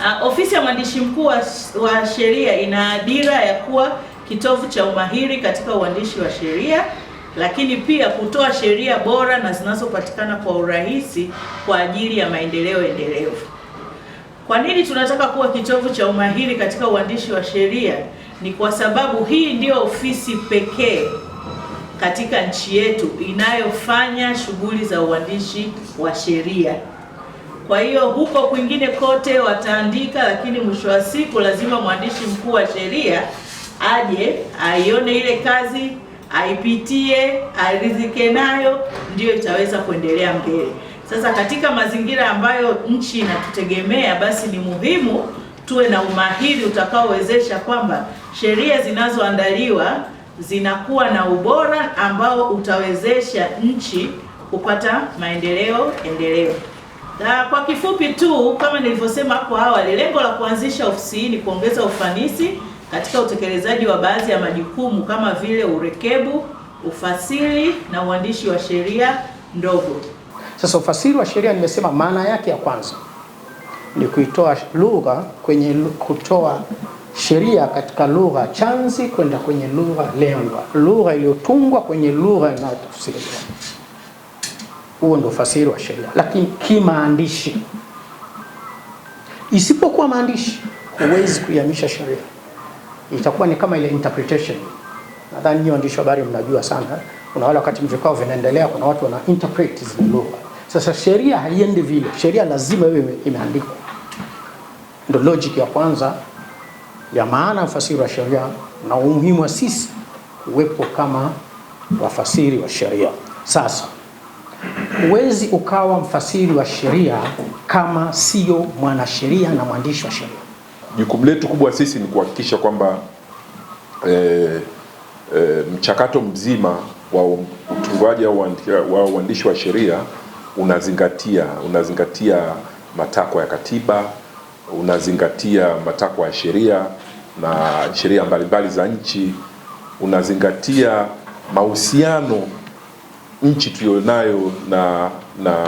Uh, ofisi ya mwandishi mkuu wa, wa sheria ina dira ya kuwa kitovu cha umahiri katika uandishi wa sheria, lakini pia kutoa sheria bora na zinazopatikana kwa urahisi kwa ajili ya maendeleo endelevu. Kwa nini tunataka kuwa kitovu cha umahiri katika uandishi wa sheria? Ni kwa sababu hii ndiyo ofisi pekee katika nchi yetu inayofanya shughuli za uandishi wa sheria. Kwa hiyo huko kwingine kote wataandika, lakini mwisho wa siku lazima mwandishi mkuu wa sheria aje aione ile kazi, aipitie, aridhike nayo, ndiyo itaweza kuendelea mbele. Sasa katika mazingira ambayo nchi inatutegemea, basi ni muhimu tuwe na umahiri utakaowezesha kwamba sheria zinazoandaliwa zinakuwa na ubora ambao utawezesha nchi kupata maendeleo endelevu. Na kwa kifupi tu kama nilivyosema hapo awali, lengo la kuanzisha ofisi hii ni kuongeza ufanisi katika utekelezaji wa baadhi ya majukumu kama vile urekebu, ufasiri na uandishi wa sheria ndogo. Sasa ufasiri wa sheria nimesema maana yake ya kwanza ni kuitoa lugha kwenye kutoa sheria katika lugha chanzi kwenda kwenye lugha lengwa, lugha iliyotungwa kwenye lugha inayotafsiriwa. Huo ndio ufasiri wa sheria, lakini kimaandishi. Isipokuwa maandishi, huwezi kuihamisha sheria, itakuwa ni kama ile interpretation. Nadhani hiyo waandishi wa habari mnajua sana. Kuna wale wakati vikao vinaendelea, kuna watu wana interpret zile lugha. Sasa sheria haiendi vile, sheria lazima iwe imeandikwa. Ndio logic ya kwanza ya maana ufasiri wa sheria na umuhimu wa sisi kuwepo kama wafasiri wa sheria. Sasa Huwezi ukawa mfasiri wa sheria kama sio mwanasheria na mwandishi wa sheria. Jukumu letu kubwa sisi ni kuhakikisha kwamba e, e, mchakato mzima wa utungaji wa uandishi wa sheria unazingatia unazingatia matakwa ya katiba, unazingatia matakwa ya sheria na sheria mbalimbali za nchi, unazingatia mahusiano nchi tuliyonayo na na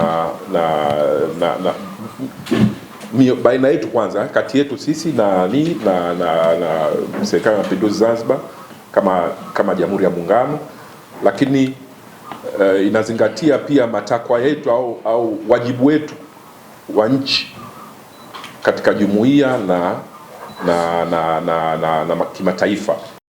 na, na, na baina yetu kwanza, kati yetu sisi na ni na, na, na serikali ya mapinduzi Zanzibar kama kama Jamhuri ya Muungano, lakini uh, inazingatia pia matakwa yetu au, au wajibu wetu wa nchi katika jumuiya na, na, na, na, na, na, na kimataifa.